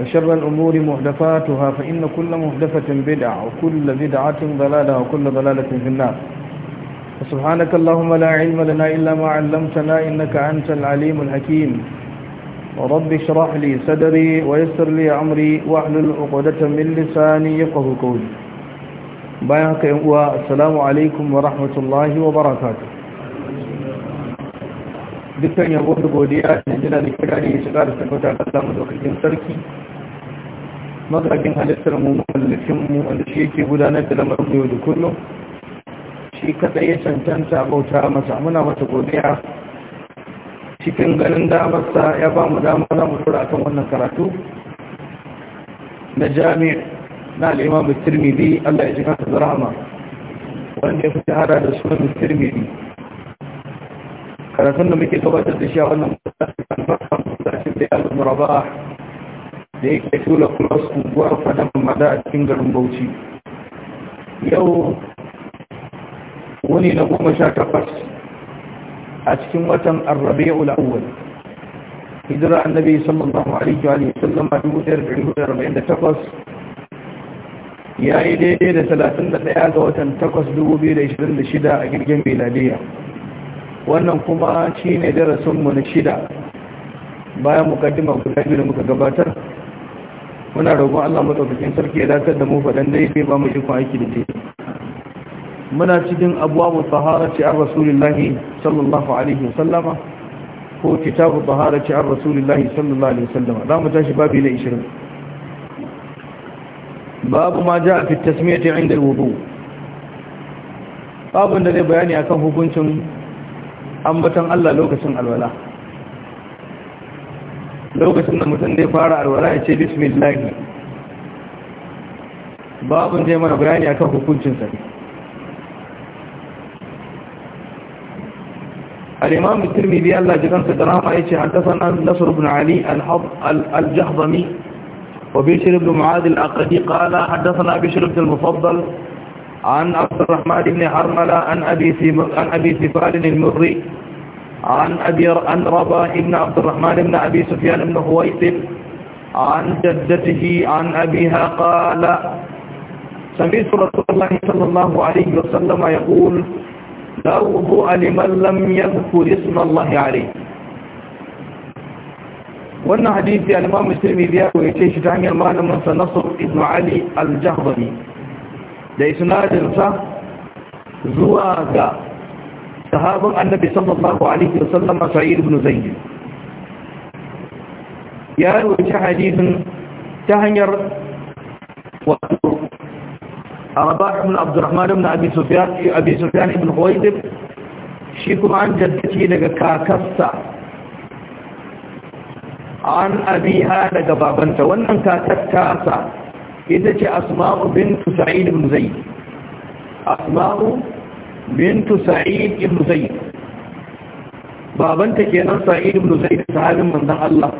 وشر الأمور محدثاتها فإن كل محدثة بدعة وكل بدعة ضلالة وكل ضلالة في النار فسبحانك اللهم لا علم لنا إلا ما علمتنا إنك أنت العليم الحكيم ورب اشرح لي صدري ويسر لي أمري واحلل عقدة من لساني يفقه قولي بياك السلام عليكم ورحمة الله وبركاته dukkan yabo da godiya da jira da kira ne shiga da sarki madarakin halittar mu mallakin mu wanda shi yake gudanar da lamarin yau da kullum shi kada ya cancanta bauta masa muna masa godiya cikin ganin damarsa ya ba mu damar za mu tura kan wannan karatu na jami na al'imamu tirmidhi Allah ya ji kasa da rahama wanda ya fi hada da sunan tirmidhi karatun da muke gabatar da shi a wannan masallaci kan farkon masallacin da ya al'umma da yake tura kuma unguwar fadan mada a cikin garin bauchi yau wani na goma sha takwas a cikin watan arrabe'ul awwal hijira annabi sallallahu alaihi wa sallam a dubu ɗaya da ɗari hudu da takwas ya yi daidai da talatin da ɗaya ga watan takwas dubu biyu da ishirin da shida a girgin miladiya wannan kuma shi ne darasinmu na shida bayan mukaddima guda biyu da muka gabatar muna roƙon Allah madaukakin sarki ya dakatar da mu faɗan dai sai ba mu shi aiki da dai muna cikin abwabu tahara ci an rasulullahi sallallahu alaihi wasallama ko kitabu tahara ci an sallallahu alaihi wasallama za mu tashi babi na 20 babu ma ja fi tasmiyati inda alwudu babu da zai bayani akan hukuncin ambatan Allah lokacin alwala lokacin da mutum zai fara alwala ya ce bismillah babin zai mana bayani akan hukuncin sa الإمام الترمذي الله جل في دراما يشي حدثنا نصر بن علي الجهضمي وبشر بن معاذ الأقدي قال حدثنا بشر بن المفضل عن عبد الرحمن بن حرملة عن أبي, عن أبي سفال المري عن أبي عن رباح بن عبد الرحمن بن أبي سفيان بن هويت عن جدته عن أبيها قال سمعت رسول الله صلى الله عليه وسلم يقول لا وضوء لمن لم يذكر اسم الله عليه wannan hadisi al-Imam Muslim ya koyace shi ta hanyar malamin sa Nasr ibn Ali al-Jahdami da isnadin sa zuwa ga تهاضم النبي صلى الله عليه وسلم سعيد بن زين يا رجع حديث تهنير رباح بن عبد الرحمن بن أبي سفيان أبي سفيان بن خويدب شيكم عن جدتي لك كاكسة عن أبيها لك بابنت وأن كاكسة كاكسة إذا جاء أسماء بنت سعيد بن زيد أسماء bintu sa'id ibn zaid babanta kenan sa'id ibn zaid sahabin manzon Allah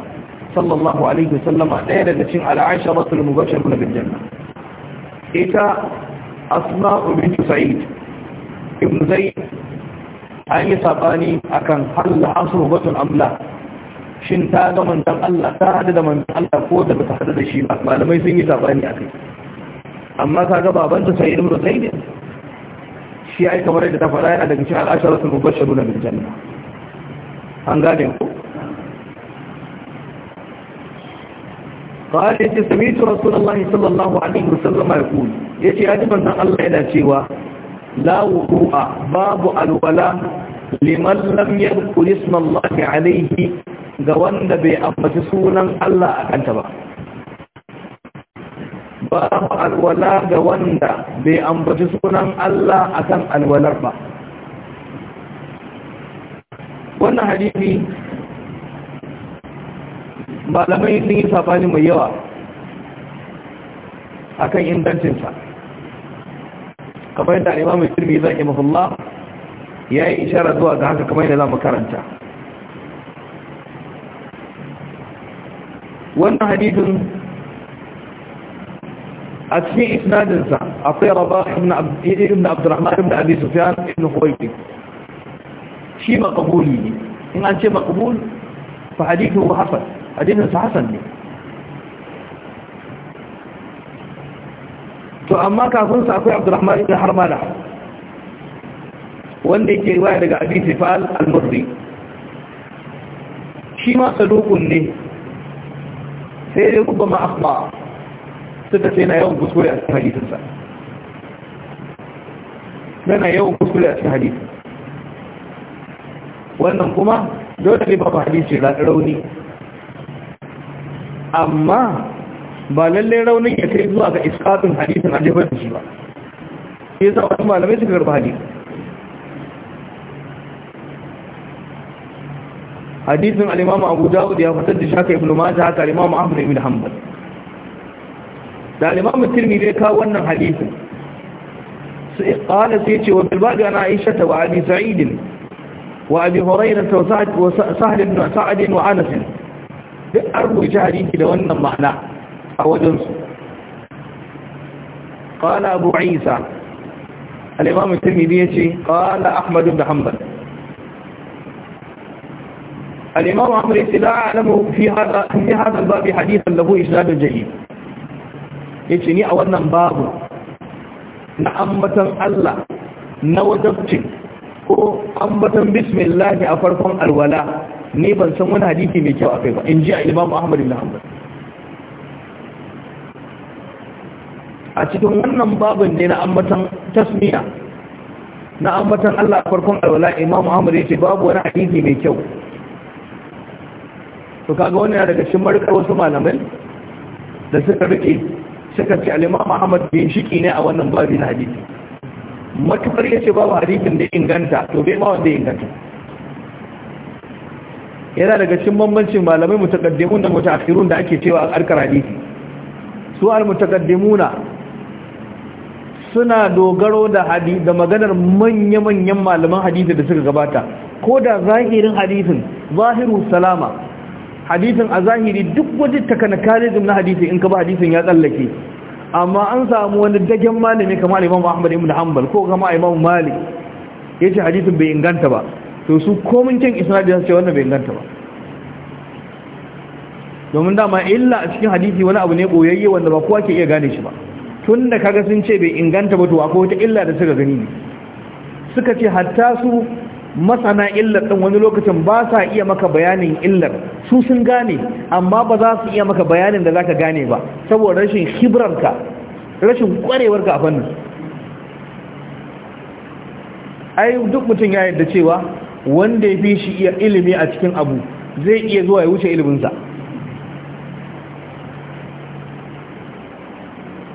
sallallahu alaihi wasallam ɗaya daga cikin al'aisha rasul mubashir bil janna ita asma'u bintu sa'id ibn zaid an yi sabani akan halla asru batul amla shin ta ga manzon Allah ta hada da manzon Allah ko da bata hada da shi ba malamai sun yi sabani akai amma kaga babanta sa'id ibn zaid shi ya ita wadda ta faɗa yana daga cikin al'asharatun mubashiru na biljanna an gane ku ba a ce samitu rasulallah sallallahu alaihi wasallam ya kuli ya ce ya ji san allah yana cewa Lawu ru'a babu alwala liman lamyar yarkul ismallahi alaihi ga wanda bai ambaci sunan allah a kanta ba babu alwala ga wanda bai ambaci sunan Allah a kan alwalar ba wannan hadisi malamai sun yi safani mai yawa akan ingancinsa kamar yadda mai turmi zai imamullah ya yi ishara zuwa ga haka kamar da za mu karanta wannan hadisin a cikin isnadinsa akwai rabah ibn abdurrahman ibn abi sufyan ibn huwaiti shi makabuli ne in an ce makabul fa hadithu hasan hadithinsa hasan ne to amma kafin sa akwai abdurrahman ibn harmala wanda yake riwaya daga abi sufyan al-murri shi ma sadukun ne sai dai kuma akhba suka ce na yawan kuskure a cikin hadisinsa yana yawan kuskure a cikin hadisi wannan kuma dole ne babu hadisi rauni amma ba lallai raunin ya kai zuwa ga iskatun hadisin a jefar da shi ba sai sa wasu malamai suka karba hadisi hadisin Alimamu abu da'ud ya fasar da shaka ibn majah haka al-imam ahmad ibn hanbal da limamin tirmidhi kawo wannan hadisin sai qala sai ce wa bil ba'd ana aisha wa abi sa'id wa abi hurayra wa sa'd wa sahl ibn sa'd wa anas duk arbuta hadisi da wannan ma'ana a wajen su qala abu isa al-imam at-tirmidhi yace qala ahmad ibn hanbal الإمام عمرو لا أعلم في هذا في هذا الباب حديثا له إسناد جيد ya ce ni a wannan babu na ambatan Allah na wajabcin ko ambatan bismillah a farkon alwala ne ban san wani hadisi mai kyau a kai ba in ji a imam Muhammadu Muhammadu. a cikin wannan babin ne na ambatan tasmiya na ambatan Allah a farkon alwala imam Muhammadu ya ce babu wani hadisi mai kyau to kaga yana daga cikin markar wasu malamai da suka rike suka ce alimam bin shiki ne a wannan babin hadisi matukar ce babu hadisin da inganta to bai ma wanda inganta yana daga cikin bambancin malamai mutaqaddimun da mutaakhirun da ake cewa a karkar hadisi su al mutaqaddimuna suna dogaro da hadisi da maganar manya-manyan malaman hadisi da suka gabata ko da zahirin hadisin zahiru salama hadisin a zahiri duk wajen takanakarizm na hadisi in ka ba hadisin ya tsallake amma an samu wani dagen malami kamar imam ahmad ibn hanbal ko kama imam malik ya ce hadisin bai inganta ba to su komin kyan isnadi za su ce wannan bai inganta ba domin dama illa a cikin hadisi wani abu ne boyayye wanda ba kowa ke iya gane shi ba tun da kaga sun ce bai inganta ba to akwai wata illa da suka gani ne suka ce hatta su masana illar ɗin wani lokacin ba sa iya maka bayanin illar su sun gane amma ba za su iya maka bayanin da za ka gane ba saboda rashin hibrarka rashin ka a fannin ai duk mutum ya yadda cewa wanda ya fi shi iya ilimi a cikin abu zai iya zuwa ya wuce iliminsa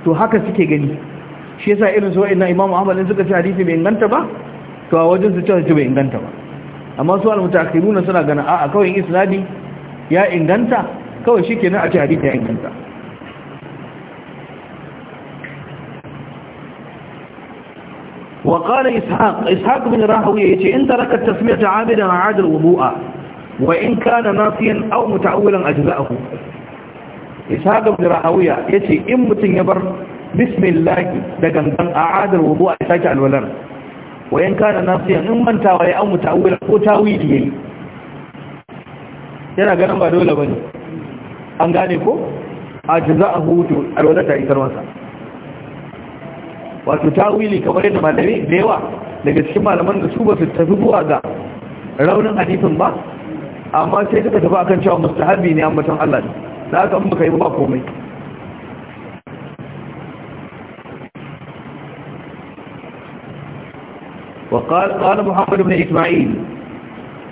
to haka suke gani shi yasa irin su na imamu amalin suka ci hadisi mai inganta ba to a wajen su cewa bai inganta ba amma su al-mutaakhirun suna gana a kawai islami ya inganta kawai shikenan a ce hadisi ya inganta wa qala bin rahowi yace in taraka tasmiyat abidan a'adul wudu'a wa in kana nasiyan aw muta'awwilan ajza'ahu ishaq bin rahowi yace in mutun ya bar bismillahi da gangan a'adul wudu'a sai ka alwalar wayan kana nasiyan in mantawa ya an mutawil ko tawili yayi yana ganin ba dole bane an gane ko a ajza'ahu to alwala ta isar masa wato tawili kamar yadda malami da yawa daga cikin malaman da su ba su tafi zuwa ga raunin hadisin ba amma sai suka tafi akan cewa mustahabi ne ambaton Allah ne da aka an baka yi ba komai وقال قال محمد بن إسماعيل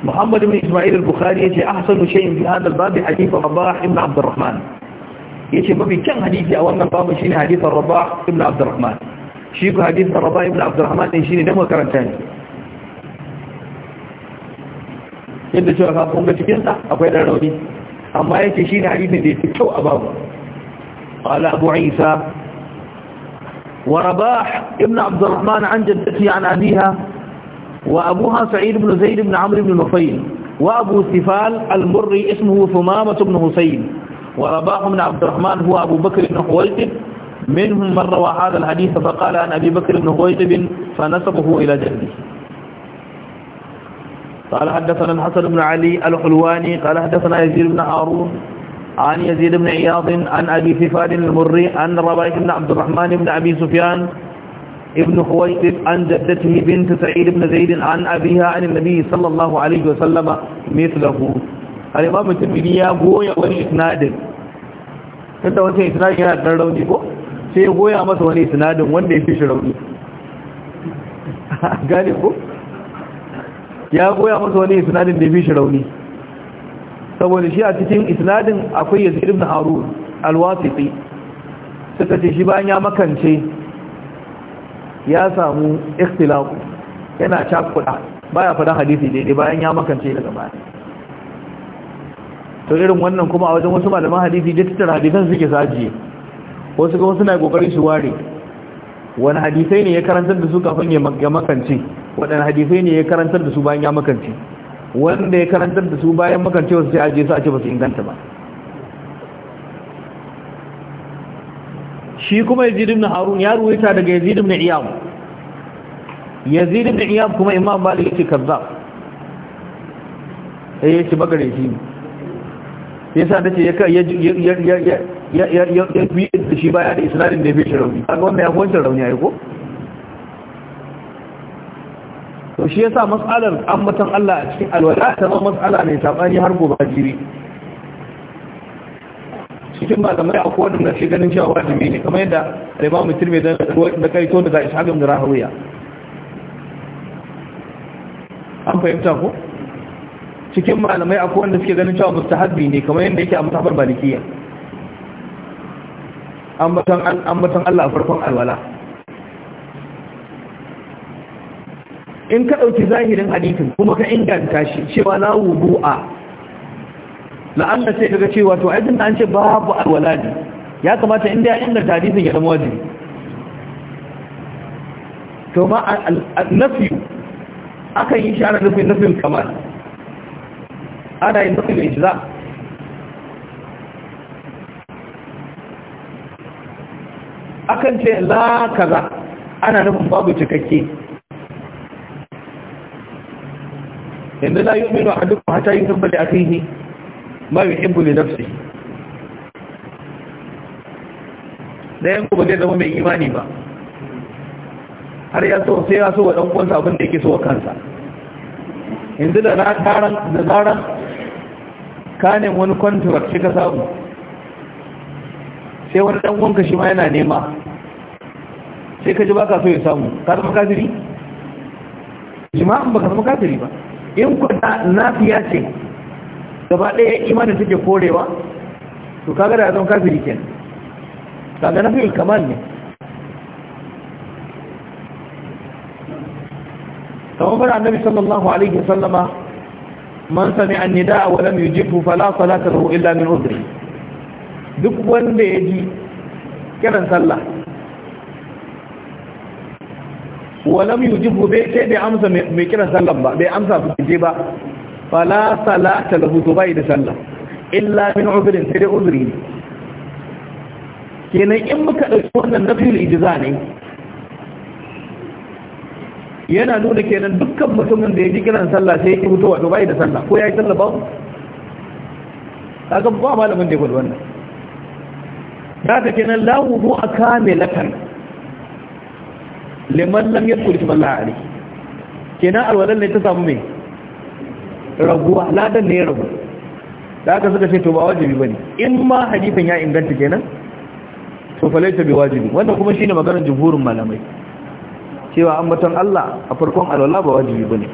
محمد بن إسماعيل البخاري يجي أحسن شيء في هذا الباب حديث الرباح ابن عبد الرحمن يجي ما في كم حديث أو أولا باب شيء حديث الرباح ابن عبد الرحمن شيء حديث الرباح ابن عبد الرحمن شيني نمو كرمتاني yadda cewa ka kunga cikinsa akwai ɗan rauni amma yake shi ne hadisin da ya fi kyau a babu ala abu isa ورباح ابن عبد الرحمن عن جدته عن أبيها وأبوها سعيد بن زيد بن عمرو بن نفيل وأبو سفال المري اسمه ثمامة بن حسين ورباح بن عبد الرحمن هو أبو بكر بن خويتب منهم من روى هذا الحديث فقال عن أبي بكر بن خويتب فنسبه إلى جده قال حدثنا الحسن بن علي الحلواني قال حدثنا يزيد بن هارون عن يزيد بن عياض عن أبي سفاد المري عن ربيع بن عبد الرحمن بن أبي سفيان ابن خويتب عن جدته بنت سعيد بن زيد عن أبيها عن النبي صلى الله عليه وسلم مثله الإمام الترمذي يا غويا وإسناد kada wancan isnadin yana dan rauni ko sai ya goya masa wani isnadin wanda ya fi shi rauni gane ko ya goya masa wani isnadin da ya fi shi rauni saboda shi a cikin isnadin akwai yazid ibn harun alwasiti suka ce shi bayan ya makance ya samu ikhtilafu yana cakuda baya fada hadisi daidai bayan ya makance daga baya to irin wannan kuma a wajen wasu malaman hadisi da tattara hadisan suke saji wasu kuma suna kokarin shi ware wani hadisai ne ya karantar da su kafin ya makance waɗanne hadisai ne ya karantar da su bayan ya makance wanda ya karantar da su bayan makancewa su sai aje su a ce ba su inganta ba shi kuma yazid ibn harun ya ruwaita daga yazid ibn iyam yazid ibn iyam kuma imam malik ya ce kaza. ya ya ya ya ya da ya ya ya ya to shi yasa matsalar ambatan Allah a cikin alwala ta zama matsala mai sabani har gobe jiri cikin malamai a kowane da ke ganin cewa wajibi ne kamar yadda rima mutum mai da karito daga ishagin da rahawiya an fahimta ko cikin malamai akwai wanda da suke ganin cewa mustahabbi ne kamar yadda yake a mutabar balikiya batan Allah a farkon alwala in ka ɗauki zahirin hadisin kuma ka inganta shi cewa la wudu'a La'anda sai kaga cewa to ai an ce babu alwala ya kamata inda ya inganta hadisin ya zama wajibi to ma nafi akan yi shara nufin nufin kamar ana yin nufin ijza akan ce la kaza ana nufin babu cikakke yanzu la yu'minu ahadukum hatta yuhibba li ba mai yuhibbu li nafsihi dayan ku ba zai zama mai imani ba har ya so sai ya wa dan uwansa abin da yake so wa kansa yanzu da na karan kanin wani contract shi ka samu sai wani ɗan uwanka shi ma yana nema sai ka ji baka so ya samu ka makasiri? kafiri ba baka zama kafiri ba in na fiya ce gaba ɗaya imanin suke korewa to kaga da zan kafiri ke kaga fiye kamar ne kamar fara annabi sallallahu alaihi sallama, man sami an nida wadda mai jifu fala salata ruhu illa min udri duk wanda ya ji kiran sallah ولم yujibu bai sai bai amsa mai kiran sallan ba bai amsa fitince ba fala salata lahu to bai da sallah illa min uzrin sai dai kenan wannan ijza ne yana nuna kenan dukkan mutumin da ya ji kiran sallah sai ya fito wato bai da sallah ko ya yi sallah ba kaga ba malamin da ya gudu wannan da ta kenan lahu a kamilatan liman lam yadkhul fi man la kina alwalan ne ta samu mai raguwa ladan ne ragu da aka suka ce to ba wajibi bane in ma hadisin ya inganta kenan to fa laita bi wajibi wannan kuma shine maganar jumhurin malamai cewa ambaton Allah a farkon alwala ba wajibi bane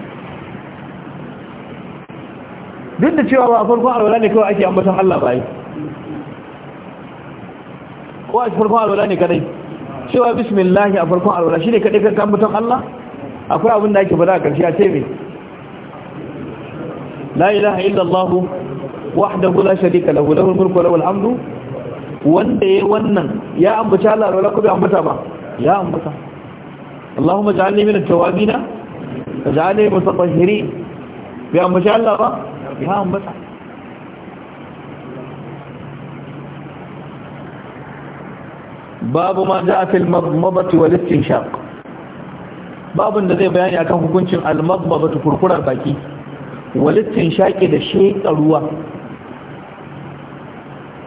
duk da cewa ba a farkon alwala ne kawai ake ambaton Allah ba yi ko a farkon alwala ne kadai cewa bismillahi a farkon alwala ne kadai ka tambaton Allah akwai abin da ake fada a ƙarshe a ce me la ilaha illallah wahdahu la sharika lahu lahul mulku wa lahul hamdu wanda yayin wannan ya ambata Allah alwala ko bai ambata ba ya ambata Allahumma ja'alni min at-tawabin waj'alni mutatahhirin bai ambata Allah ba ya ambata babu ma za a mabatu mabbabatu wal shaq babun da zai bayani akan hukuncin al mabbabatu kurkurar baki Wa wal istinshaqi da sheka ruwa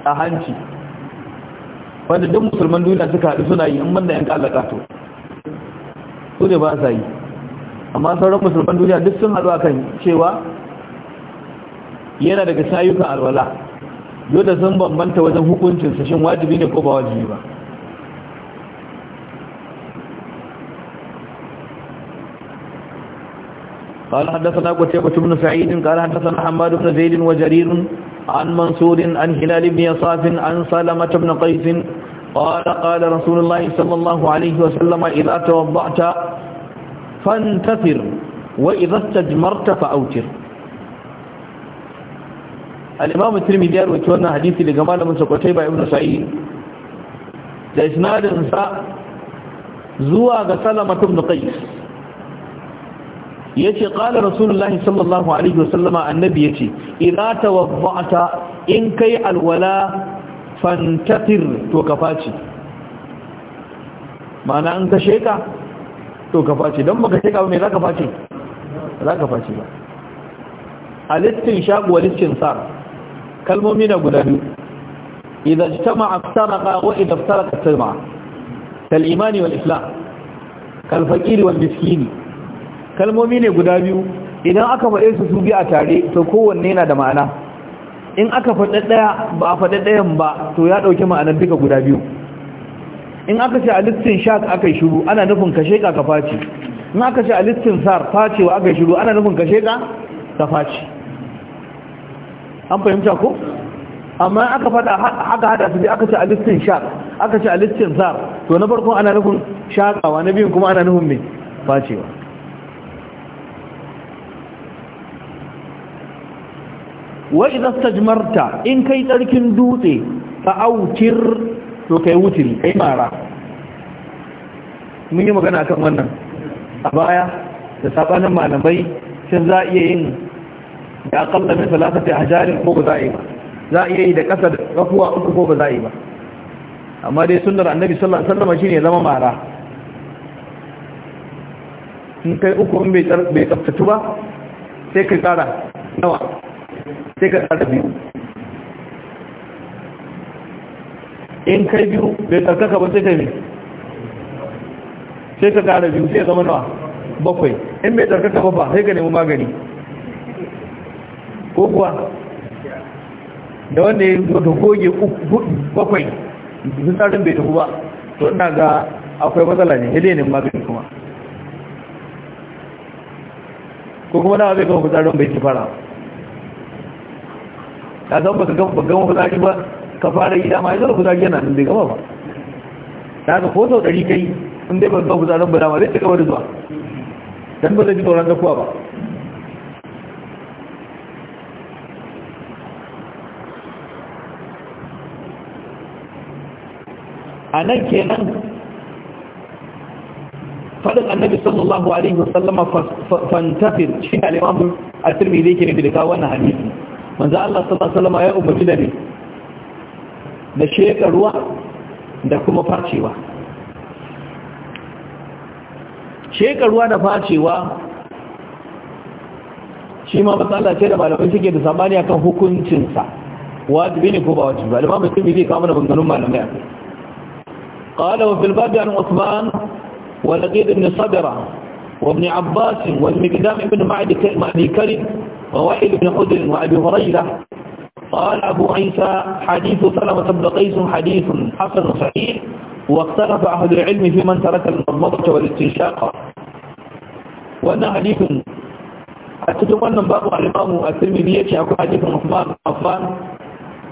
a hanci wanda duk musulman duniya suka haɗu suna yi in banda yan kalaka to su ne ba sa yi amma sauran musulman duniya duk sun haɗu akan cewa yana daga sayukan alwala yau da sun bambanta wajen hukuncinsa sashen wajibi ne ko ba wajibi ba قال حدثنا قتيبة بن سعيد قال حدثنا حماد بن زيد وجرير عن منصور عن هلال بن يصاف عن سلمة بن قيس قال قال رسول الله صلى الله عليه وسلم إذا توضعت فانتثر وإذا استجمرت فأوتر الإمام الترمذي روى wannan hadisi daga malamin sa Qutayba ibn Sa'id da isnadin sa zuwa ga Salama ibn Qais yace qala rasulullahi sallallahu alaihi wasallama annabi yace idza tawadda'ta in kai alwala fantatir to ka faci mana an ka sheka to ka faci dan baka sheka me zaka faci zaka faci ba alistin shaq wal sa kalmomi na guda biyu idza ijtama'a saraqa wa idza iftaraqa sirma kal imani wal islam kal faqiri wal miskini kalmomi ne guda biyu idan aka faɗe su su a tare to kowanne yana da ma'ana in aka faɗe ɗaya ba a faɗe ɗayan ba to ya ɗauki ma'anar duka guda biyu in aka ce a listin shak aka yi shuru ana nufin ka sheƙa ka faci in aka ce a listin sar wa aka yi shuru ana nufin ka sheƙa ka faci an fahimta ko amma aka faɗa haka haɗa su aka ce a listin shak aka ce a listin sar to na farko ana nufin shaƙawa na biyun kuma ana nufin mai facewa wa idza stajmarta in kai tsarkin dutse fa autir to kai wutiri kai mara mun yi magana kan wannan a baya da sabanin malamai shin za iya yin da akalla min a hajarin ko ba za a yi ba za a iya yi da ƙasa da kafuwa uku ko ba za a yi ba amma dai sunnar annabi sallallahu alaihi wasallam shine zama mara in kai uku in bai tsaftace ba sai ka tsara. nawa sai ka tsarka biyu in kai biyu bai tsarkaka ba sai kai ne sai ka tsara biyu sai zama nawa bakwai in bai tsarkaka ba ba sai ka nemi magani ko kuwa da wanda ya da goge bakwai sun tsarin bai tafi ba to ina ga akwai matsala ne ya ne magani kuma ko kuma na zai kuma tsarin bai tafi fara ka san ba ka gama fitsari ba ka fara yi dama ya zara fitsari yana nan zai gama ba ta ka ko sau ɗari kai in dai ba gama fitsarin ba dama zai ta gaba da zuwa dan ba zai ji tsoron zakuwa ba a nan kenan faɗin annabi sallallahu alaihi wasallama fantafir shi ne alimamu a turmi zai ke ne da wannan hadisi manzo Allah sallallahu alaihi ya umarci da ne da sheka ruwa da kuma facewa sheka ruwa da facewa shi ma matsala ce da malamai suke da sabani kan hukuncinsa wajibi ne ko ba wajibi ba limam mutum yake kawo mana banganun malamai akai qala wa fil bab an usman wa laqid ibn sabra وابن عباس والمقدام ابن معدي كريم ووحيد بن خدر وأبي هريرة قال أبو عيسى حديث سلمة بن قيس حديث حسن صحيح واختلف أهل العلم في من ترك المضمضة والاستنشاق وأن حديث أتتم أن باب الإمام الترمذي يكشف حديث عثمان عفان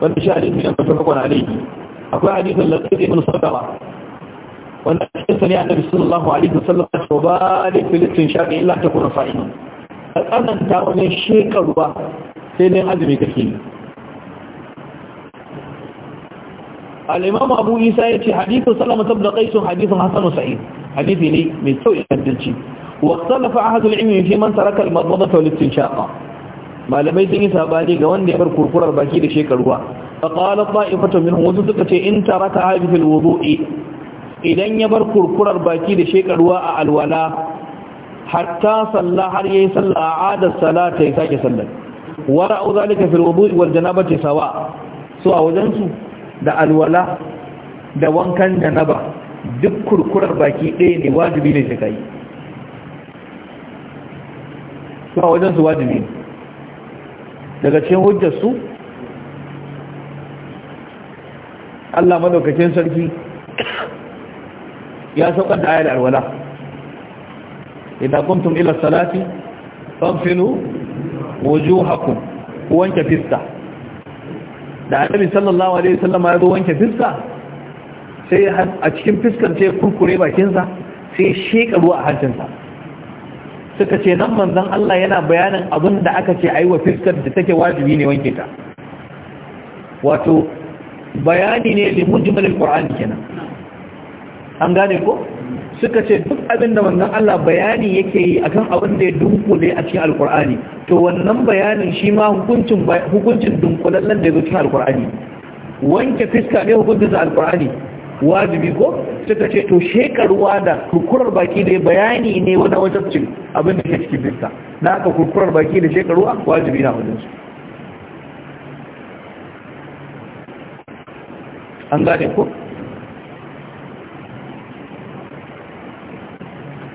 والمشاهد من متفق عليه أكو حديث لقيت بن صدرة وأن حديث النبي صلى الله عليه وسلم وبالك في الاستنشاق إلا تكون صحيحا ka tsananta wajen sheka ruwa sai ne azumi kake yi al'imam abu isa ya ce hadithun salama sabda kaisun hadithun hassanu sa'id hadithi ne mai kyau ingantacci wasallafa ahadul ilmi fi man taraka al-madmada wa al-istinshaqa malamai sun yi sabani ga wanda ya bar kurkurar baki da shekaruwa fa qala ta'ifatu minhum wasu suka ce in taraka hadithul wudu'i idan ya bar kurkurar baki da shekaruwa a alwala hatta salla har yayi salla ada salata ya sake sallar wara au zalika fil wudu wal janabati sawa so a wajen su da alwala da wankan janaba duk kurkurar baki ɗaya ne wajibi ne sai kai so a wajen su wajibi daga cikin hujjar su Allah madaukakin sarki ya saukar da ayar alwala idan kuntum ila salati faghsilu wujuhakum wanke fiska da annabi sallallahu alaihi wasallam ya zo wanke fiska sai a cikin fiskar sai kurkure bakinsa sai sheka ruwa a hancinsa suka ce nan manzon Allah yana bayanin abin da aka ce aiwa fiskar da take wajibi ne wanke ta wato bayani ne da mujmalin qur'ani kenan an gane ko suka ce duk abin da wannan Allah bayani yake yi akan abin da ya dunkule a cikin alkur'ani to wannan bayanin shi ma hukuncin hukuncin dunkulallen da ya cikin alkur'ani wanke fiska ne hukuncin da alkur'ani wajibi ko suka ce to shekaru da kurkurar baki da bayani ne wani wajabcin abin da ke cikin fiska na haka kurkurar baki da shekaruwa? wajibi na su an gane ko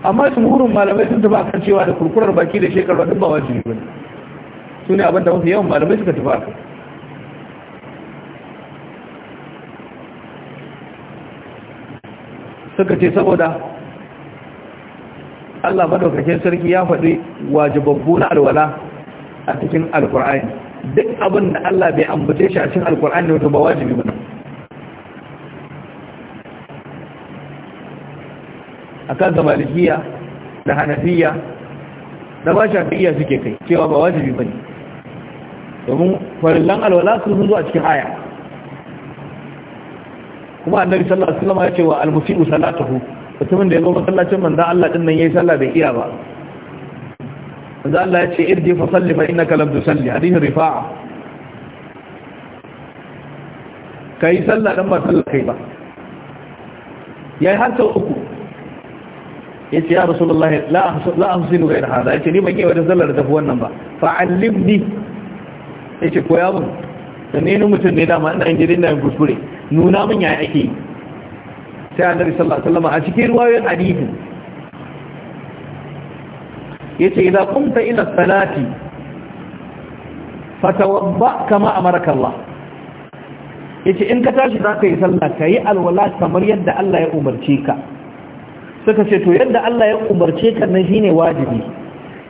amma jumhurin malamai sun tafi akan cewa da kurkurar baki da shekaru duk ba wajibi bane su ne abinda mafi yawan malamai suka tafi akan suka ce saboda Allah madaukakin sarki ya faɗi wajibabbu na alwala a cikin alkur'ani duk abin da Allah bai ambace shi a cikin alkur'ani wato ba wajibi bane akan ga malikiya da hanafiya da ba shafi'iya suke kai cewa ba wajibi bane domin farillan alwala sun zo a cikin aya kuma annabi sallallahu alaihi wasallam ya ce wa almusibu salatuhu mutumin da ya zo masallacin manzon Allah din nan yayi sallah bai iya ba manzon Allah ya ce irji fa salli fa innaka lam tusalli hadith rifa'a kai sallah dan ba sallah kai ba yayi har sau uku ya ce ya rasu Allah la'ahusinu ga irhada ya ce ni ban yi da zallar da tafi wannan ba fa'allimni ya ce koya mun da ne mutum ne dama ina injirin na yin kuskure nuna mun ya ake sai annabi sallallahu alaihi sallama a cikin ruwayoyin ya yace idan kunta ila salati fatawadda kama a amaraka Ya ce in ka tashi za ka yi sallah ka yi alwala kamar yadda Allah ya umarce ka suka ce to yadda Allah ya umarce ka nan shine wajibi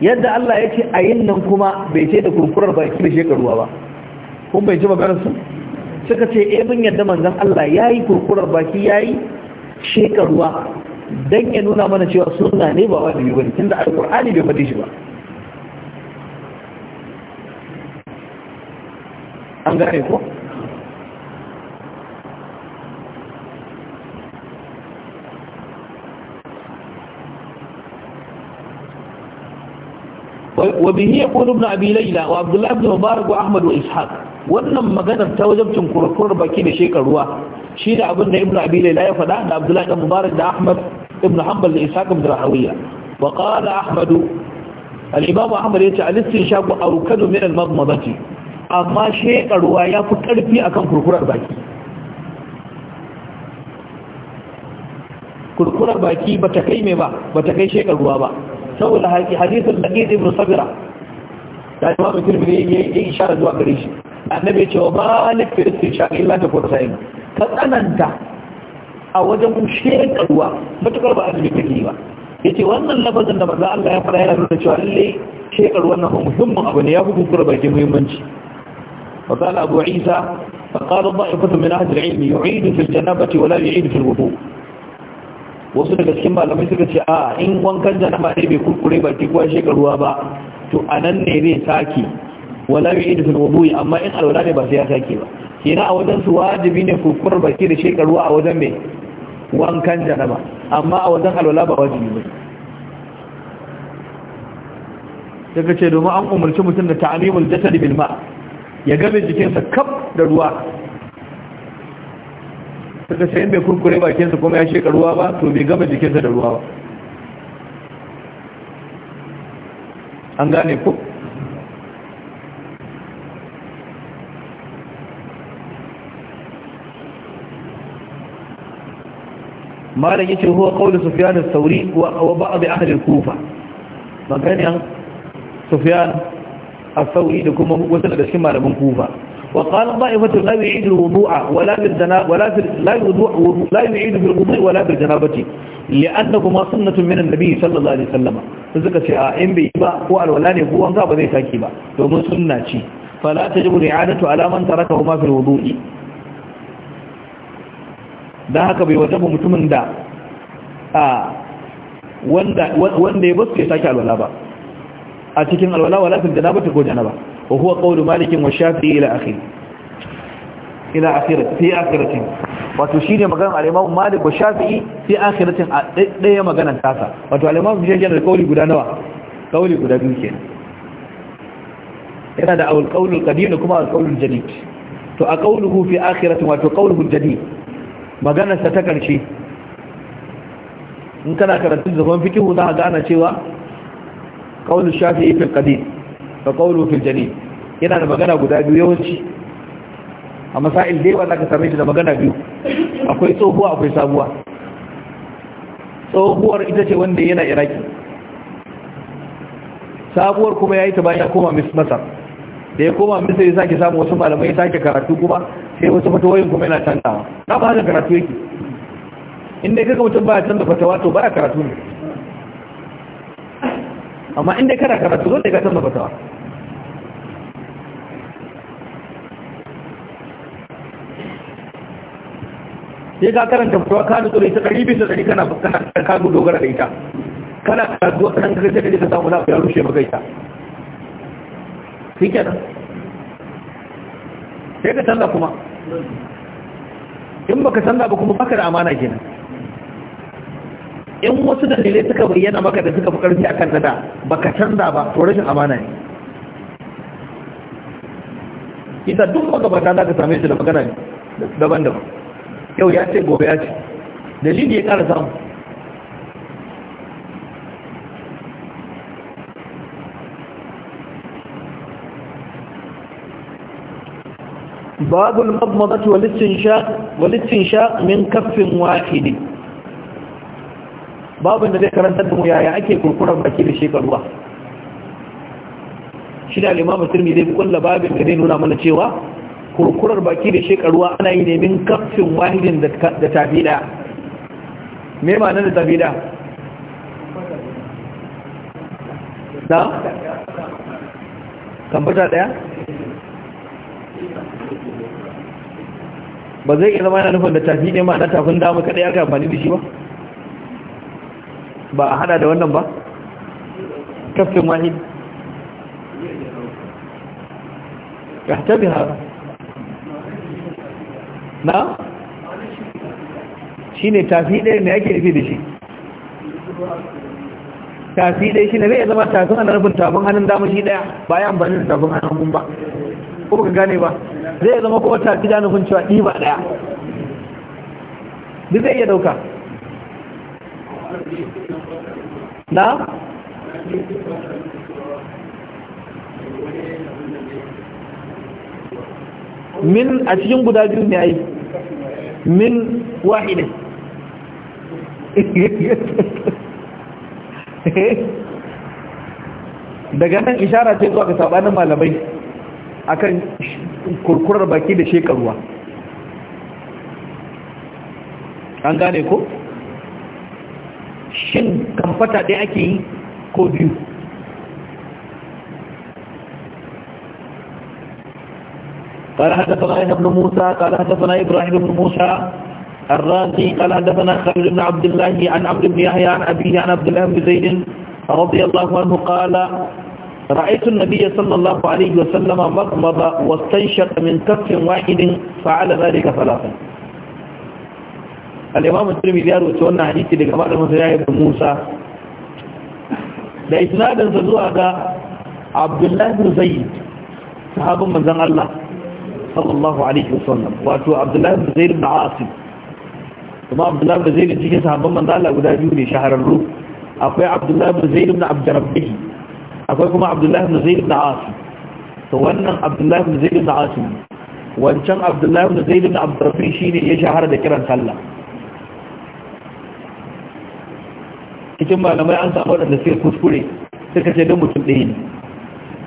yadda Allah ya ce ayin nan kuma bai ce da kurkurar baki da shekaruwa ba kun bai ji maganar su suka ce eh bin yadda manzon Allah yayi kurkurar baki yayi shekaruwa dan ya nuna mana cewa sunna ne ba wajibi bane tunda alqur'ani bai fadi shi ba an gane ko وبه يقول ابن أبي ليلى وعبد الله بن مبارك وأحمد وإسحاق wannan maganar ta wajabcin kurkurar baki da shekar shi da abin da ibn abi laila ya faɗa da abdullahi ibn mubarak da ahmad ibn hanbal da ishaq ibn rahawiya wa qala ahmad al-imam ahmad yace al-istinshaq arukadu min al-madmadati amma shekar ya fi karfi akan kurkurar baki kurkurar baki bata kai me ba bata kai shekar ba saboda hadisin da ke ibn sabira da imam al-tirmidhi ya ishara zuwa gare shi annabi ya ce wa malik fi istisha illa ta fursayin ka tsananta a wajen shekarwa matukar ba azumi take ba ce wannan lafazin da manzo Allah ya fara yana nuna cewa lalle shekar wannan muhimmin abu ne ya fi kukura baki muhimmanci fa qala abu isa fa qala dha'ifatu min ahli al-ilm yu'idu fi al-janabati wasu daga cikin malamai suka ce a in wankan janaba ne bai kurkure baki ko shekaru ruwa ba to anan ne zai saki wala bi fil wudu amma in alwala ne ba sai ya saki ba kina a wajen su wajibi ne kurkur baki da shekaru ruwa a wajen mai wankan janaba amma a wajen alwala ba wajibi ba daga ce domin an umarci mutum da ta'amimul jasad bil ma ya gabe jikinsa kaf da ruwa suka ce bai kurkure bakinsa kuma ya sheka ruwa ba to bai gama jikinsa da ruwa ba an gane ku malam yake huwa kawai sufiyan da sauri wa a bai ahalin kufa maganan sufiyan a sauri da kuma wasu daga cikin malamin kufa وقال طائفة لا يعيد الوضوء ولا بالذناب ولا في لا الوضوء لا يعيد بالوضوء ولا بالجنابة لأنكما سنة من النبي صلى الله عليه وسلم فذلك شيء بيبا هو الولا ne ko an gaba zai saki ba domin sunna ce fala tajibu i'adatu ala man tarakahuma fil wudu'i dan haka bai wata mutumin da a wanda ya basu ya saki alwala ba a cikin wala وهو قول مالك والشافعي wa اخره ila اخره في akhirati وتشير مغان wato مالك والشافعي في imam ديه مغان تاسا وتو akhiratin a daya غدانوا tasa wato al da qawli guda nawa guda yana da qadim da kuma al jadid to a fi akhirati wato jadid ta karshe in kana karatun zaman fikihu ga ana cewa qawlu shafi'i fil qadim fa qawlu fil janin yana da magana guda biyu yawanci a masail dai wanda ka same shi da magana biyu akwai tsohuwa akwai sabuwa tsohuwar ita ce wanda yana iraki sabuwar kuma ya yi ta bayan koma masar da ya koma masar ya sake samu wasu malamai ya sake karatu kuma sai wasu fatawoyin kuma yana canzawa na ba haka karatu yake inda ya kaka mutum ba ya canza fatawa to ba ya karatu ne amma inda kana karatu zo daga san mafatawa sai ka karanta fatawa ka nutsu da ita ɗari bisa ɗari kana kana kago dogara da ita kana karatu a ɗan karfe da ita samu na fiye rushe maka ita shi kenan sai ka canza kuma in baka canza ba kuma baka da amana kenan in wasu dalilai suka bayyana maka da suka fi karfi akan na da ka canza ba to rashin amana ne ita duk magabata za ka same shi da magana daban-daban yau ya ce gobe ya ce dalili ya kara samu باب المضمضة والاستنشاق والاستنشاق من كف واحد babin da zai karanta da mu yaya ake kurkuren baki da shekaru ba shi da limamu turmi zai kulla babin da zai nuna mana cewa kurkurar baki da shekaruwa ana yi nemin kafin wahidin da tafi daya me ma nan da tafi da na? kambata daya? ba zai iya zama yana nufin da tafi ne ma na tafin damu kaɗai aka amfani da shi ba? ba a hada da wannan ba kafin wahid haɗa. na Shi ne tafi ɗaya ne ake nufi da shi tafi ɗaya shi ne zai zama tafi ana rufin tafin hannun damar shi ɗaya ba ya da tafin hannun ba ko ka gane ba zai zama kuma tafi da nufin cewa ɗiba ɗaya duk zai iya ɗauka na? min a cikin guda biyu ne ai min wahidin daga nan ishara ce zuwa ga sabanin malamai akan kurkurar baki da shekaruwa an gane ko? shin kamfata ɗaya ake yi ko biyu قال حدثنا يحيى بن موسى قال حدثنا ابراهيم بن موسى الرازي قال حدثنا خالد بن عبد الله عن عبد بن يحيى عن ابيه عن عبد الله بن زيد رضي الله عنه قال رايت النبي صلى الله عليه وسلم مضمض واستنشق من كف واحد فعل ذلك ثلاثا الإمام الترمذي يروي عن حديث لجماعه مسجد موسى ده اسناد زوا عبد الله بن زيد صحابه من زمان الله صلى الله عليه وسلم واتو عبد الله بن زيد بن عاصم ثم عبد الله بن زيد ديكي صحابه من ده الله غدايو لي شهر الروح اخويا عبد الله بن زيد بن عبد ربه اخويا كما عبد الله بن زيد بن عاصم تونا عبد الله بن زيد بن عاصم وان كان عبد الله بن زيد بن عبد ربه شيني يشهر ده كران صلى الله cikin malamai an samu da suke kuskure suka ce don mutum ɗaya ne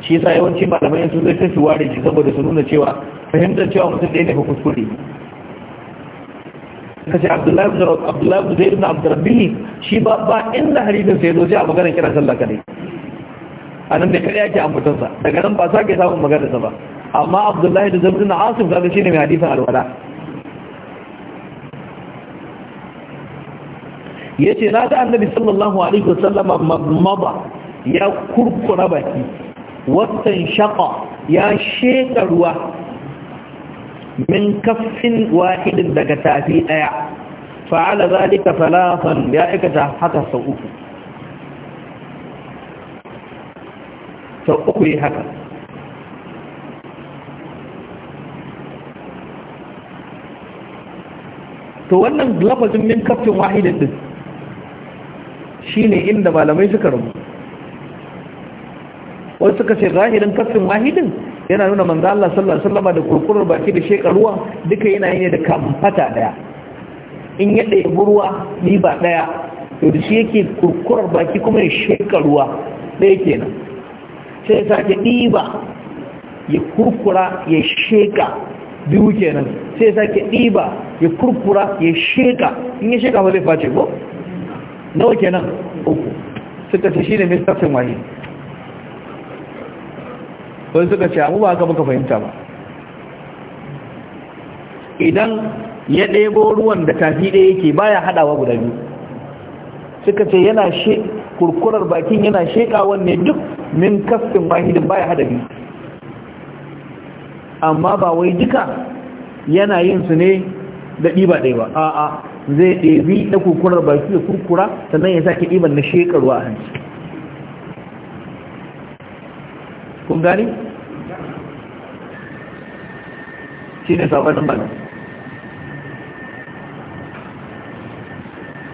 shi yasa yawanci malamai sun zai tafi ware shi saboda su nuna cewa fahimtar cewa mutum ɗaya ne fa kuskure suka ce abdullahi bin zai ibn abdurrabbihi shi ba ba inda harifin sai zoce a maganar kira sallah kadai a nan da kada yake ambatonsa daga nan ba sa ke samun maganarsa ba amma abdullahi da zabdin asif shi shine mai hadisin alwala ya ce na ga annabi sallallahu alaihi wasallama magmaba ya kurkura baki watan shaƙa ya sheƙa ruwa min kaffin wahidin daga tafi ɗaya fa'ala zalika falafan ya aikata haka sau uku sau uku yi haka to wannan lafazin min kaffin wahidin ɗin. shine inda malamai suka rubu wasu suka ce zahirin kafin wahidin yana nuna manzo Allah sallallahu alaihi wasallam da kurkurar baki da shekaruwa duka yana yin da kamfata daya in ya burwa, ruwa ba ɗaya to shi yake kurkurar baki kuma ya shekaruwa ɗaya kenan sai ya sake ɗiba ya kurkura ya sheka biyu kenan sai ya sake ɗiba ya kurkura ya sheka in ya sheka ba zai face ko nawa kenan uku suka ce shi ne mistafin wahid wani suka ce abu ba haka muka fahimta ba idan ya ɗebo ruwan da tafi ɗaya yake baya haɗawa guda biyu suka ce yana she kurkurar bakin yana shekawa ne duk min kaskin wahidin baya haɗa biyu amma ba wai duka yana yin su ne da ɗiba ɗaya ba a'a zai ɗebi na kukurar baki da kukura sannan ya sake iman na shekaruwa hanci kun gani? shi ne saɓanin bane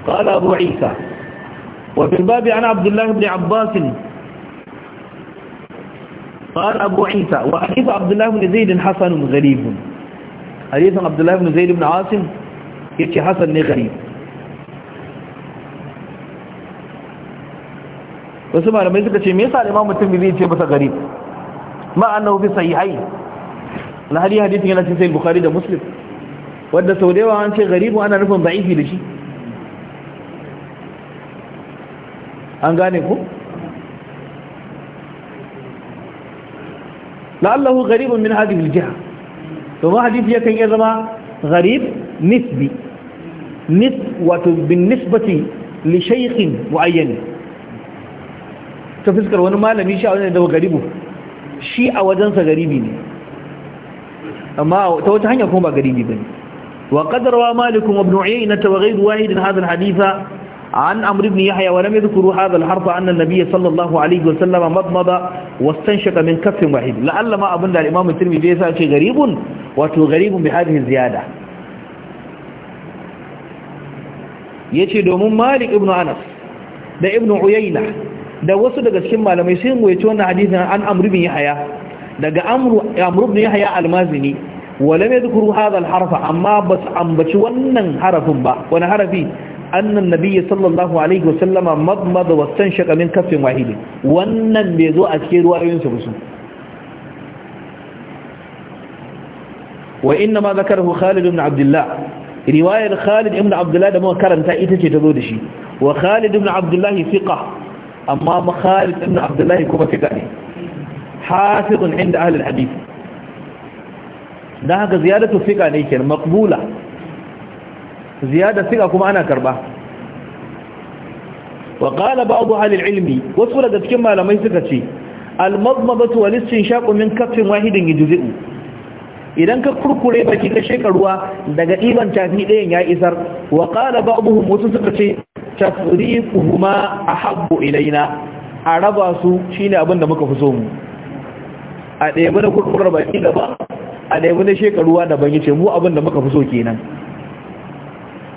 ƙala abu isa wafin babi ana abdullahi bin abbasin قال أبو عيسى وحديث عبد الله بن زيد حسن غريب حديث عبد الله بن زيد بن عاصم yace Hassan ne gari wasu malamai suka ce me yasa Imam mutum zai ce masa gari ma annahu bi sahihai na hali hadisi yana cikin sahih bukhari da muslim wanda sau da yawa an ce gari ana nufin da'ifi da shi an gane ku la'allahu gharibun min hadhihi al-jiha to ma hadisi yakan iya zama gharib nisbi nis wato bin nisbati li shaykhin muayyan ta fuskar wani malami shi a wajen da garibu shi a wajensa garibi ne amma ta wata hanya kuma ba garibi bane wa qadarwa malikum ibn uyayna wa ghayru wahid hadha al-hadith عن عمرو بن يحيى ولم يذكروا هذا الحرف أن النبي صلى الله عليه وسلم مضمض واستنشق من كف واحد لعل ما أبن الإمام الترمذي يسأل شيء غريب وتغريب بهذه الزيادة ya ce domin malik ibn anas da ibn uyayla da wasu daga cikin malamai sun goyaci wannan hadisin an amru bin yahya daga amru bin yahya almazini wala ma yadhkuru hadha alharfa amma bas ambaci wannan harafin ba wani harafi annan nabiy sallallahu alaihi wa sallama madmad wa stanshaka min kaffin wahidin wannan bai zo a cikin ruwayoyin su su wa inna ma zakarahu khalid ibn abdullah riwayar Khalid ibn Abdullah da muka karanta ita ce ta zo da shi wa Khalid ibn Abdullah fiqa amma ma Khalid ibn Abdullah kuma thiqa ne hafizun inda ahli al-hadith dan haka ziyadatu thiqa ne kenan maqbula ziyada thiqa kuma ana karba wa qala ba'd ahli al wasu daga cikin malamai suka ce al-madmadatu wal istinshaqu min kaffin wahidin yujzi'u idan ka kurkure baki ka sheka ruwa daga ɗiban tafi ɗayan ya isar wa ƙala ba'abuhum wasu suka ce tafriquhuma ahabbu ilaina a raba su shine abin da muka fi so mu a ɗebi na kurkure baki ba a ɗebi na sheka ruwa daban yace mu abin da muka fi so kenan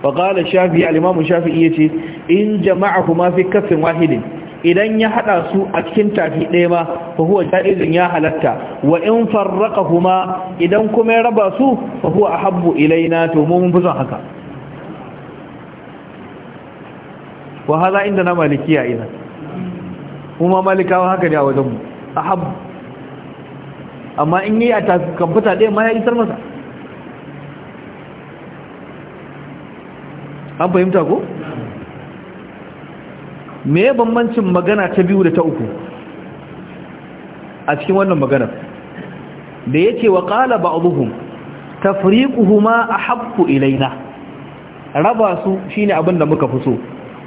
wa ƙala shafi al shafi shafi'i yace in jama'ahuma fi kaffin wahidin idan ya hada su a cikin tafi ɗaya ma fa huwa jaizun ya halatta wa in farraqahuma idan kuma ya raba su fa huwa ahabbu ilaina to mu mun fi son haka wa hada inda na malikiya idan kuma malikawa haka ne a wajen mu ahabbu amma in yi a kamfuta ɗaya ma ya isar masa an fahimta ko? me bambancin magana ta biyu da ta uku a cikin wannan magana da yace wa qala huma a ahabbu ilaina raba su shine abin da muka fi so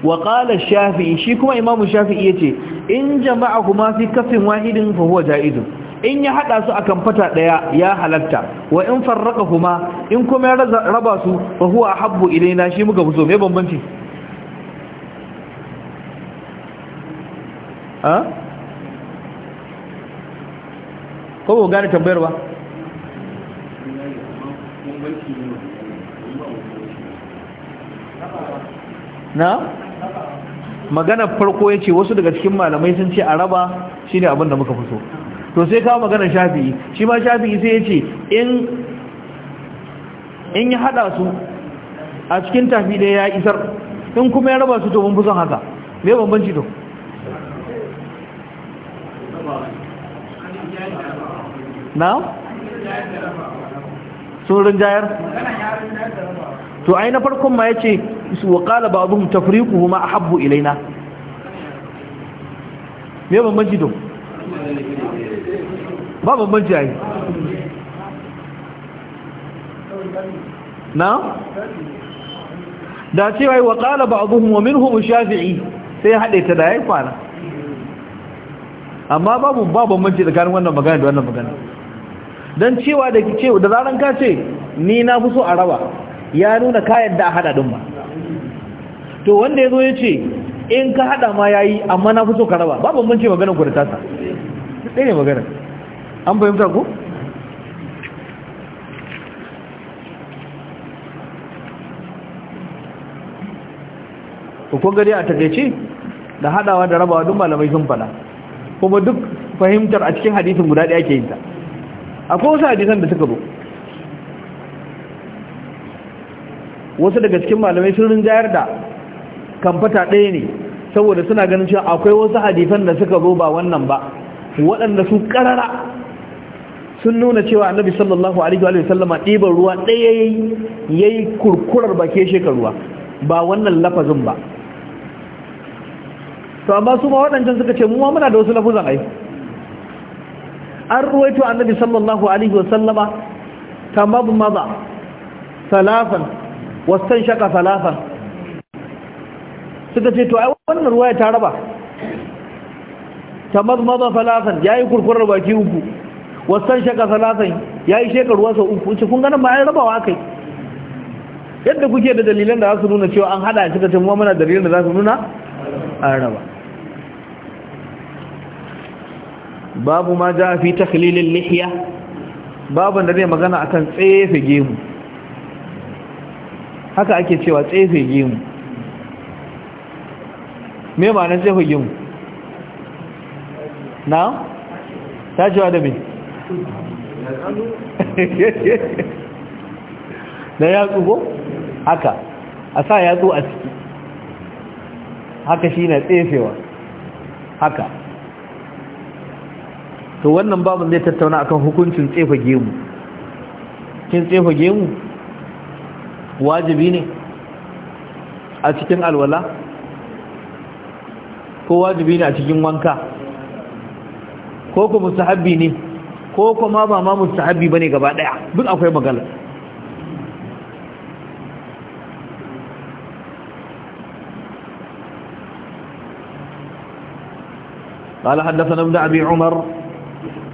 wa qala shafi'i shi kuma imamu shafi'i ce in jama'a kuma fi kafin wahidin fahuwa ja'izu. in ya haɗa su a kan fata ɗaya ya halatta wa in farraka kuma in kuma ya raba su fa a ahabbu ilaina shi muka fi so Mai bambanci ha ko ba gane tambayar ba na magana farko ya ce wasu daga cikin malamai sun ce a raba shi ne abinda muka fito to sai kawo maganar shafi'i shi ma shafi'i sai ya ce in ya hada su a cikin tafi da ya isar in kuma ya raba su to mun fi son haka me bambanci to na? sun rinjayar? to ai na farkon ma ya ce su waƙala ba abin tafriku ma a habu ilaina me manji don? ba bambanci ai na? da cewa waƙala ba abin wa min hu shafi'i sai ya haɗe ta da ya kwana amma babu babu da ganin wannan magana da wannan magana don cewa da cewa da zaran ka ce ni na fi so a raba ya nuna ka yadda a hada ɗin ba to wanda ya zo ya ce in ka hada ma ya yi amma na fi so ka raba ba bambanci ce maganin da tasa ɗaya ne maganar an fahimta ku ko gari a takaice da hadawa da rabawa duk malamai sun fada kuma duk fahimtar a cikin hadisin guda ɗaya ke yin ta akwai wasu hadisan da suka zo wasu daga cikin malamai sun rinjayar da kamfata ɗaya ne saboda suna ganin cewa akwai wasu hadisan da suka zo ba wannan ba waɗanda su ƙarara sun nuna cewa annabi sallallahu alaihi wa sallama ɗiban ruwa ɗaya ya yi kurkurar ke shekaruwa ba wannan lafazin ba to amma su ma waɗancan suka ce mu ma muna da wasu lafuzan ai an ruwaito annabi sallallahu alaihi wasallama tamabmada salafan wasan shaka salafan suka ce to ai wannan ruwaya ta raba tamazmaza salafan yayi kurkurar baki uku wastan shaka salafan yayi shekar wasa uku ce kun ganin ba ai rabawa kai yadda kuke da dalilan da za su nuna cewa an hada shi ce mu muna dalilan da za su nuna an raba babu ma ja fi takhlilil lihya babu da zai magana akan tsefe gemu haka ake cewa tsefe gemu me ma'anar tsefe gemu na tacewa da me da ya tsugo? haka a sa yatsu a ciki haka shi na tsefewa haka to wannan babin zai tattauna akan hukuncin tsefa gemu kin tsefa gemu wajibi ne a cikin alwala ko wajibi ne a cikin wanka ko ko musahabi ne ko kuma ba ma musahabi bane gaba daya duk akwai magana قال حدثنا ابن أبي عمر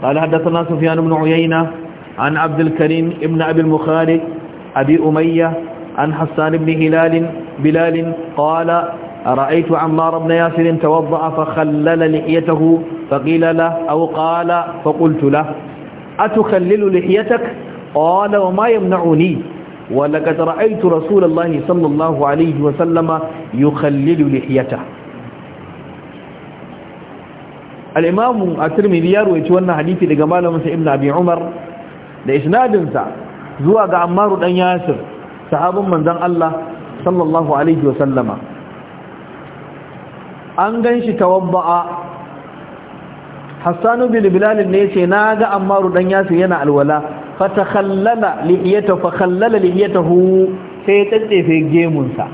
قال حدثنا سفيان بن عيينة عن عبد الكريم ابن أبي المخارج أبي أمية عن حسان بن هلال بلال قال أرأيت عمار بن ياسر توضأ فخلل لحيته فقيل له أو قال فقلت له أتخلل لحيتك قال وما يمنعني ولقد رأيت رسول الله صلى الله عليه وسلم يخلل لحيته al-imam at-tirmidhi ya rawaito wannan hadifi daga malamin sa ibnu abi umar da isnadin zuwa ga ammaru dan yasir sahabin manzon Allah sallallahu An wa shi an ganshi tawabba'a hassanu bin bilal ne na ga ammaru dan yasir yana alwala fatakhallala lihiyata fakhallala lihiyatahu sai ya tsaddefe gemun sa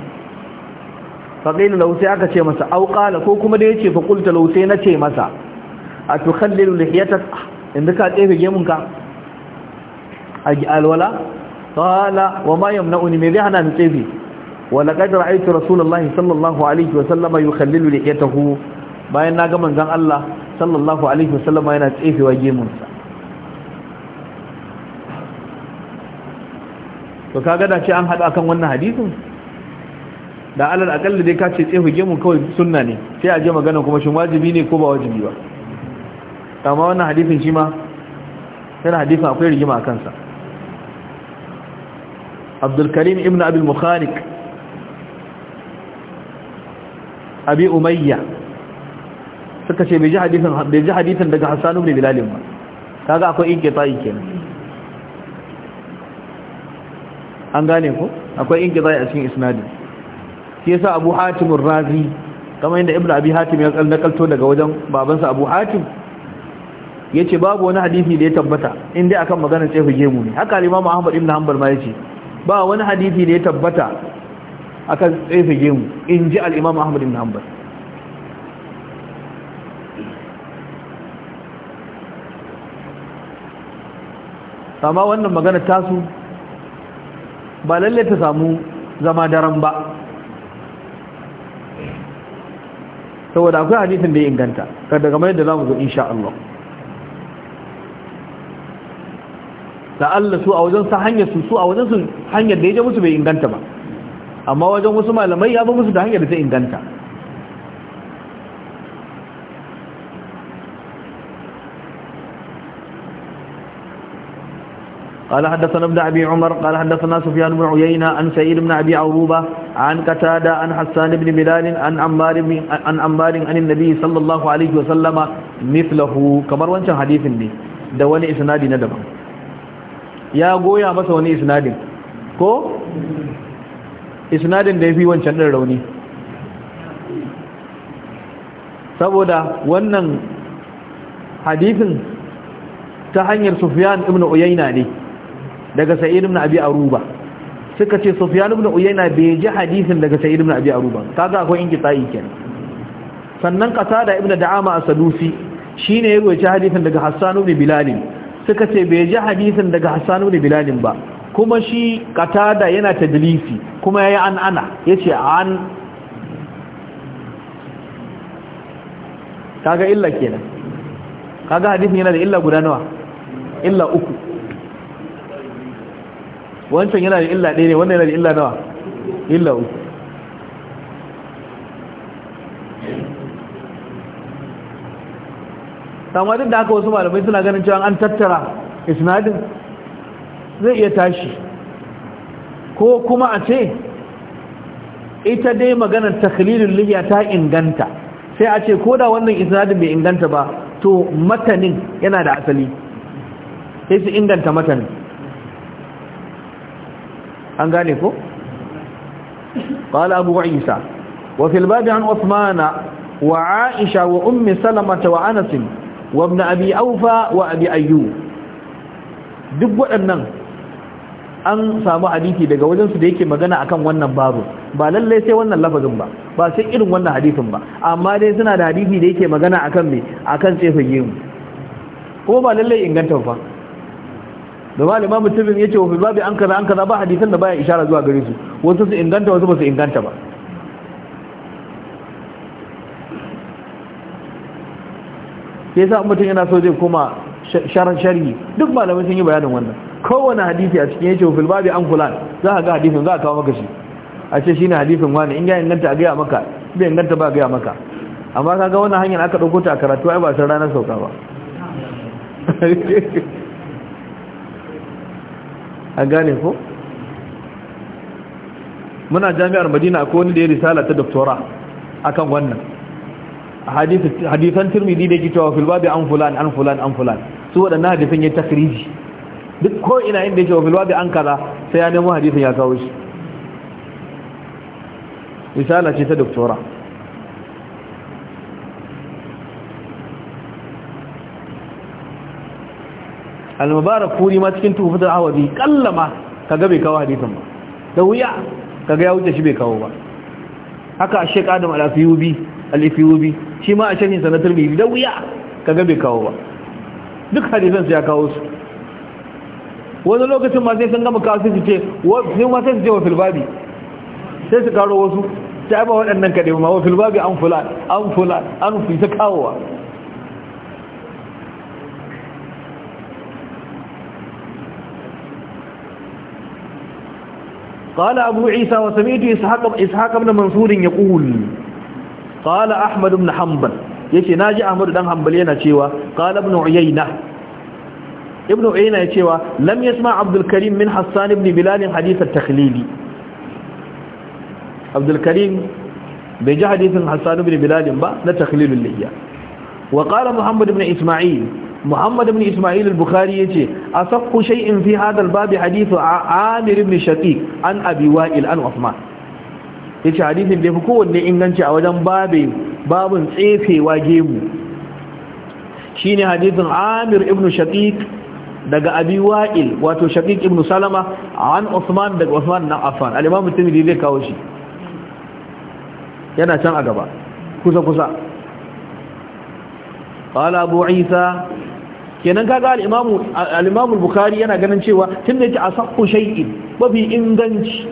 faqila law aka ce masa au ko kuma da yace fa qulta law sai nace masa a tukhallilu lihiyatak inda ka tsefe ka a alwala qala wa ma yamna'uni me zai hana ni tsefe wa laqad ra'aytu rasulullahi sallallahu alaihi wa sallama yukhallilu lihiyatahu bayan na ga manzon Allah sallallahu alaihi wa sallama yana gemun gemunsa to kaga da ce an hada kan wannan hadisin da alal akalla dai ka ce tsefe gemun kawai sunna ne sai a je magana kuma shin wajibi ne ko ba wajibi ba kama wannan hadifin shi ma yana hadifin akwai rigima a kansa abdulkarim ibn abil mukhalik abi umayya suka ce bai ji hadifin bai ji hadifin daga hassan ibn bilalin ba kaga akwai inqita'i kenan an gane ku akwai yi a cikin isnadin shi yasa abu hatim razi kamar yadda ibn abi hatim ya nakalto daga wajen babansa abu hatim yace babu wani hadisi da ya tabbata in dai akan maganar tsefe gemu ne haka al-Imam Ahmad ibn Hanbal ma yace ba wani hadisi da ya tabbata akan tsefe gemu in ji al-Imam Ahmad ibn Hanbal amma wannan magana tasu ba lalle ta samu zama daren ba saboda akwai hadisin da ya inganta kada game da zamu zo insha Allah la'alla su a wajen sa hanyar su su a wajen su hanyar da ya je musu bai inganta ba amma wajen wasu malamai ya bi musu da hanyar da ta inganta قال حدثنا ابن أبي عمر قال حدثنا سفيان بن عيينة عن سعيد بن أبي عروبة عن قتادة عن حسان بن بلال عن عمار بن عن عمار عن النبي صلى الله عليه وسلم مثله كما رواه حديث دي ده وني اسنادي ندبا ya goya masa wani isnadin ko isnadin da ya fi wancan ɗin rauni saboda wannan hadithin ta hanyar sufyan ibn uyayna ne daga sa'id ibn abi aruba suka ce sufyan ibn uyayna bai ji hadithin daga sa'id ibn abi aruba kaga akwai inqita'i kenan sannan qatada ibn da'ama as-sadusi shine ya ruwaci hadithin daga hassan ibn bilal suka ce bai ji hadisin daga hassanu da bilalin ba kuma shi katada yana tadlisi kuma yayi an ana yace an kaga illa kenan kaga hadisin yana da illa guda nawa illa uku wancan yana da illa ɗaya ne wannan yana da illa nawa illa uku amma duk da haka wasu malamai suna ganin cewa an tattara isnadin zai iya tashi ko kuma a ce ita dai maganar takhlilul lihiya ta inganta sai a ce ko da wannan isnadin bai inganta ba to matanin yana da asali sai su inganta matanin an gane ko قال أبو عيسى وفي الباب عن عثمان وعائشة وأم سلمة وأنس wa ibn abi aufa wa abi ayyub duk waɗannan an samu hadisi daga wajen su da yake magana akan wannan babu ba lalle sai wannan lafazin ba ba sai irin wannan hadisin ba amma dai suna da hadisi da yake magana akan me akan tsefage mu kuma ba lalle inganta fa da malama mutumin yace wa fi babu an kaza an kaza ba hadisan da baya isharar zuwa gare su wasu su inganta wasu ba su inganta ba sai yasa mutum yana so zai koma sharan sharhi duk malamai sun yi bayanin wannan kowane hadisi a cikin yake fil babi an kula za ka ga hadisin za ka kawo maka shi a ce shine hadisin wani in ya inganta a ga maka bai inganta ba ga maka amma kaga wannan hanyar aka dauko ta karatu ai ba san ranar sauka ba a gane ko muna jami'ar madina akwai wani da ya risala ta doktora akan wannan hadisan tirmidhi da ke cewa fil babi an fulan an fulan an fulan su waɗannan hadisan ya takriji duk ko ina inda yake fil babi an kaza sai ya nemo hadisin ya kawo shi misala ce ta doktora al-mubarak furi ma cikin tufatul awadi kallama kaga bai kawo hadisin ba da wuya kaga ya wuce shi bai kawo ba haka shek adam al-afiyubi al-afiyubi shi ma a shirin sa na tirmidhi da wuya ka gabe kawo ba duk hadisan su ya kawo su wani lokacin ma sai sun gama kawo sai su ce sai ma sai su ce wa filbabi sai su karo wasu ta ba waɗannan kaɗe ma wa filbabi an fula an fula an fi ta kawowa قال أبو عيسى وسمعت إسحاق, إسحاق بن منصور يقول qala ahmad ibn hanbal yace naji ahmad dan hanbal yana cewa qala ibn uyayna ibn uyayna yace wa lam yasma abdul karim min hassan ibn bilal hadith at-takhlili abdul karim bai ji hadithin hassan ibn bilal ba na takhlilul liya wa qala muhammad ibn isma'il muhammad ibn isma'il al-bukhari yace asaqqu shay'in fi hadha al-bab hadith amir ibn shaqiq an abi wa'il an uthman ya ce hadisin da ya fi kowanne inganci a wajen babin tsefewa gemu shi ne hadisin amir ibn shaqiq daga abi wa'il wato shaqiq ibn salama an Osman daga Osman na afan alimam imam da zai kawo shi yana can a gaba kusa kusa ƙala abu isa kenan kaga al-imam yana ganin cewa tun da ya cewa a yace shaikin, shay'in mafi inganci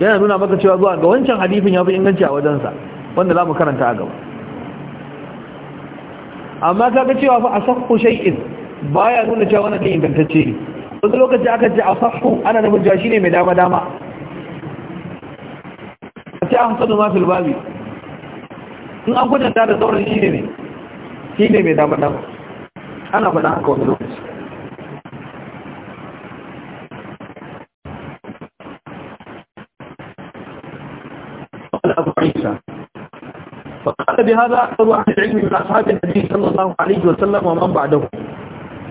yana nuna maka cewa zuwa ga wancan hadifin ya fi inganci a wajensa wanda za mu karanta a gaba amma kaga cewa fa asahhu shay'in baya nuna cewa wannan din ingantacce ne wani lokaci aka ce asahhu ana nufin cewa shine mai dama dama A ta ahsanu ma masu Lubabi, in an kwatanta da sauran shine ne shine mai dama dama ana faɗa haka wani lokaci قال بهذا أكثر أهل العلم من أصحاب النبي صلى الله عليه وسلم ومن بعده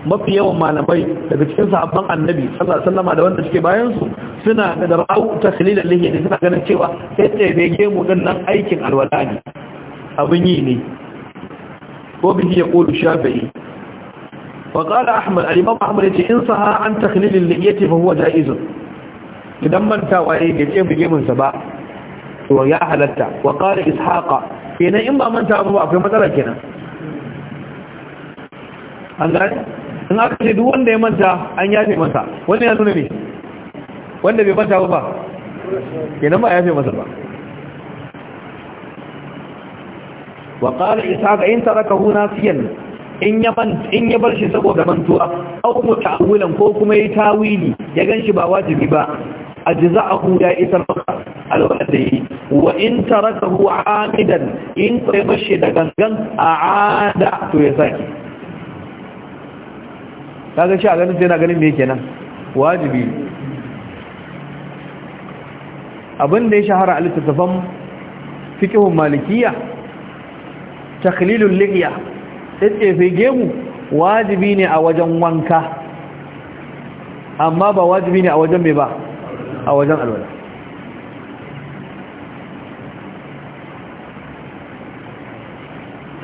mafi yawan malamai daga cikin sahabban annabi sallallahu alaihi wasallam da wanda suke bayan su suna da ra'u takhlilan lihi da suna ganin cewa sai da bege mu din nan aikin alwala ne abin yi ne ko bihi yaqulu shafi'i wa qala ahmad al-imam ahmad yace in saha an takhlilil liyati fa huwa jaiz idan man waye ga ce bege mun sa ba to ya halatta wa qala ishaqa kenan in ba manta abu akwai matsala kenan an gane in aka ce duk wanda ya manta an yafe masa wanda ya nuna ne wanda bai manta ba kenan ba yafe masa ba wa qala ga in huna nasiyan in ya in ya bar shi saboda mantuwa aw muta'awwilan ko kuma yayi tawili ya ganshi ba wajibi ba ajza'ahu ya isa al-wadi wa in tarakahu amidan in kai bashi da gangan aada to ya saki kaga shi a ganin sai na ganin me kenan wajibi abin da ya shahara a littattafan fikihun malikiya taklilul lihiya sai gemu wajibi ne a wajen wanka amma ba wajibi ne a wajen me ba a wajen alwala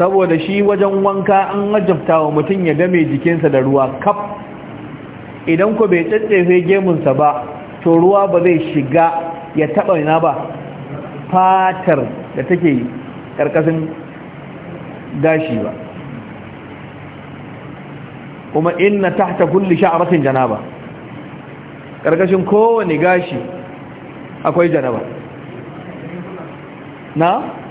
saboda shi wajen wanka an wajabta wa mutum ya game jikinsa da ruwa kaf idan ku bai tsatsefe gemunsa ba to ruwa ba zai shiga ya taɓa yana ba fatar da take ƙarƙashin gashi ba kuma inna tahta kulli sha'ratin janaba ƙarƙashin kowane gashi akwai janaba na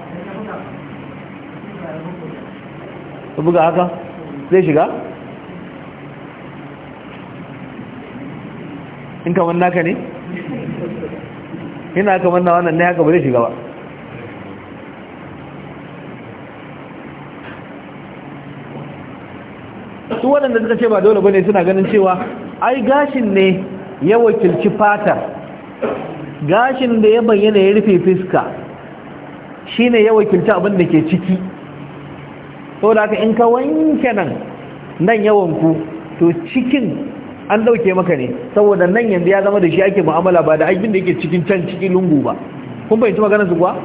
su buga haka zai shiga in kamar naka ne ina kamar na wannan ne haka ba zai shiga ba su waɗanda suka ce ba dole bane suna ganin cewa ai gashin ne ya wakilci fatar gashin da ya bayyana ya rufe fiska shine ya wakilci abin da ke ciki saboda haka in ka wanke nan nan yawan ku to cikin an dauke maka ne saboda nan yanzu ya zama da shi ake mu'amala ba da aikin da yake cikin can cikin lungu ba kun fahimci magana su kuwa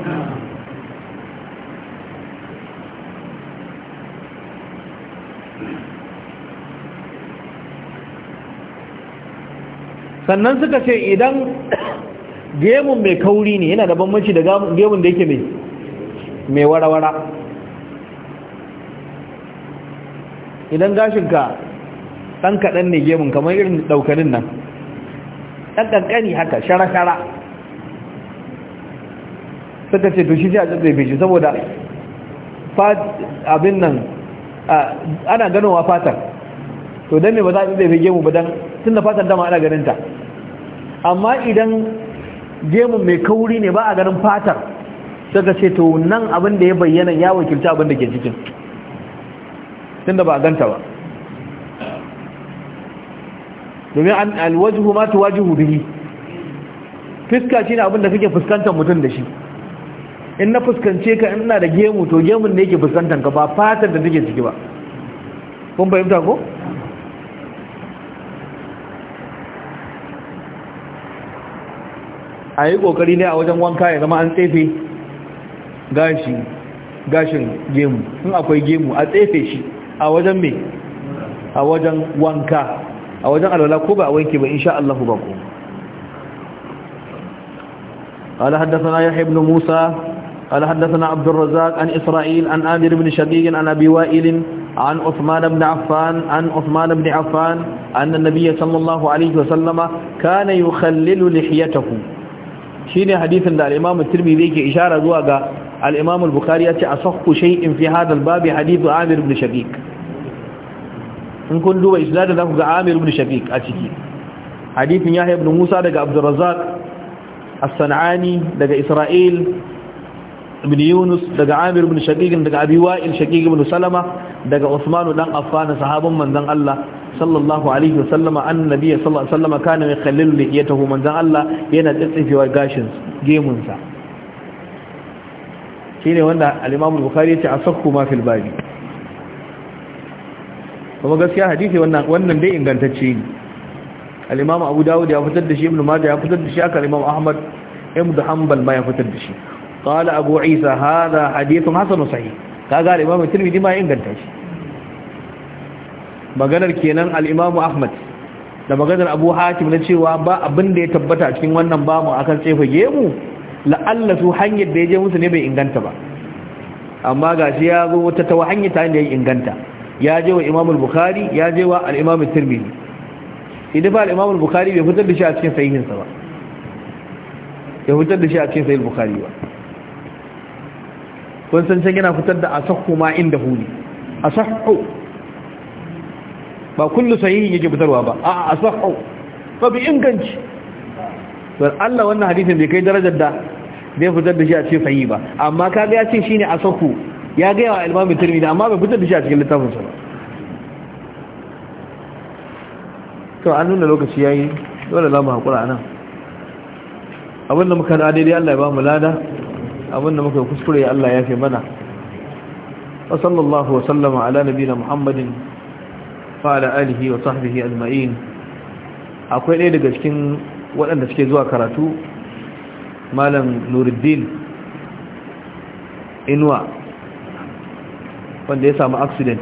sannan suka ce idan gemun mai kauri ne yana da bambanci da gemun da yake mai warawara idan gashinka ɗan kaɗan ne gemun kamar irin ɗaukanin nan ɗan ƙanƙani haka shara-shara suka ce to shi ce a tsaye shi saboda abin nan ana ganowa fatar to don ne ba za a tsaye gemu ba don tun da fatar dama ana ganinta amma idan gemun mai kauri ne ba a ganin fatar suka ce to nan abin da ya bayyana ya wakilta abin da ke cikin tunda ba a ganta ba domin an alwajihu ma tuwajihu bihi fiska shine abin da kake fuskantar mutum da shi in na fuskance ka ina da gemu to gemun ne yake fuskantar ka ba fatar da take ciki ba kun fahimta ko a yi kokari ne a wajen wanka ya zama an tsefe gashin gemu in akwai gemu a tsefe shi a wajen me a wajen wanka a wajen alwala ko ba a wanke ba insha Allah ba ko قال حدثنا يحيى بن موسى قال حدثنا عبد الرزاق عن إسرائيل عن آمر بن شقيق عن أبي وائل عن عثمان بن عفان عن عثمان بن عفان أن النبي صلى الله عليه وسلم كان يخلل لحيته شيني حديث عند الإمام الترمذي كي إشارة زواغا الإمام البخاري أصح شيء في هذا الباب حديث عامر بن شقيق in kun duba isnadin zaku ga Amir ibn Shafiq a ciki hadithin Yahya ibn Musa daga Abdurrazzaq As-Sanani daga Isra'il ibn Yunus daga Amir ibn Shaqiq daga Abi Wa'il Shaqiq ibn Salama daga Uthman dan Affan sahabban manzon Allah sallallahu alaihi wasallama annabi sallallahu alaihi wasallama kana yakhallilu liyatahu manzon Allah yana tsitsifewa gashin gemun sa shine wanda al-Imam Bukhari ya ce asakku ma fil babi kuma gaskiya hadisi wannan wannan dai ingantacce ne al-imam abu dawud ya fitar da shi ibn majah ya fitar da shi aka al-imam ahmad ibn hanbal ma ya fitar da shi qala abu isa hadha hadithun hasan sahih kaga al-imam tirmidhi ma ya inganta shi maganar kenan al ahmad da maganar abu Hatim na cewa ba abin da ya tabbata cikin wannan bamu akan tsefa gemu la'alla su hanyar da ya je musu ne bai inganta ba amma gashi ya zo wata ta hanyar ta da ya inganta ya je wa imam al-bukhari ya je wa al-imam at-tirmidhi idan ba al-imam al-bukhari bai fitar da shi a cikin sahihinsa ba ya fitar da shi a cikin sahih al-bukhari ba kun san can yana fitar da asahhu ma inda huli asahhu ba kullu sahihin yake fitarwa ba a'a asahhu ba bi inganci don Allah wannan hadisin bai kai darajar da bai fitar da shi a cikin sahih ba amma kaga ya ce shine asahhu ya gaya wa turmi da amma bai fitar da shi a cikin littafin sa to an nuna lokaci yayi dole za mu hakura anan abinda muka na daidai Allah ya ba mu lada abinda muka kuskure Allah ya fi mana wa sallallahu wa sallama ala nabiyina muhammadin wa ala alihi wa sahbihi alma'in akwai ɗaya daga cikin waɗanda suke zuwa karatu malam nuruddin inuwa wanda ya samu accident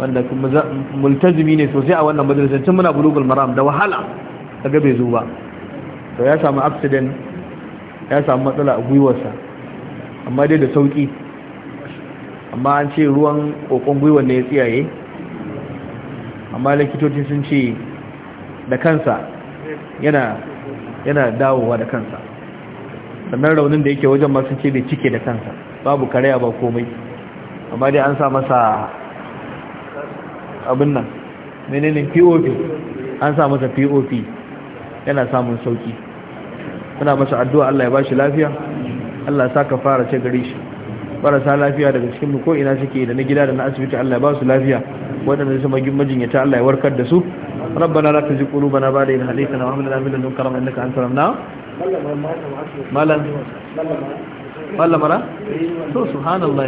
wanda kuma multazimi ne sosai a wannan majalisar tun muna bulugul maram da wahala a bai zo ba to ya samu accident ya samu matsala a gwiwarsa amma dai da sauki amma an ce ruwan kokon gwiwar ne ya tsiyaye amma likitoci sun ce da kansa yana yana dawowa da kansa sannan raunin da yake wajen masu ce bai cike da kansa babu karaya ba komai amma dai an sa masa abin nan menene pop an sa masa pop yana samun sauki muna masa addu'a Allah ya ba shi lafiya Allah sa ka fara ce gare shi sa lafiya daga cikin mu ko ina suke da na gida da na asibiti Allah ya ba su lafiya waɗanda su magin majinyata Allah ya warkar da su ربنا لا ba da yin إذ هديتنا وهب لنا من لدنك رحمة إنك أنت na malam. ballamara to subhanallah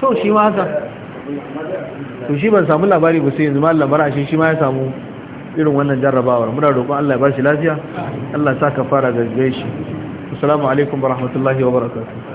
to shi ma haka to shi ban samu labari ba sai yanzu ballamara shi shi ma ya samu irin wannan jarrabawar muna roƙon Allah ya ba shi lafiya Allah ya sa fara ga shi. assalamu alaikum warahmatullahi wabarakatuh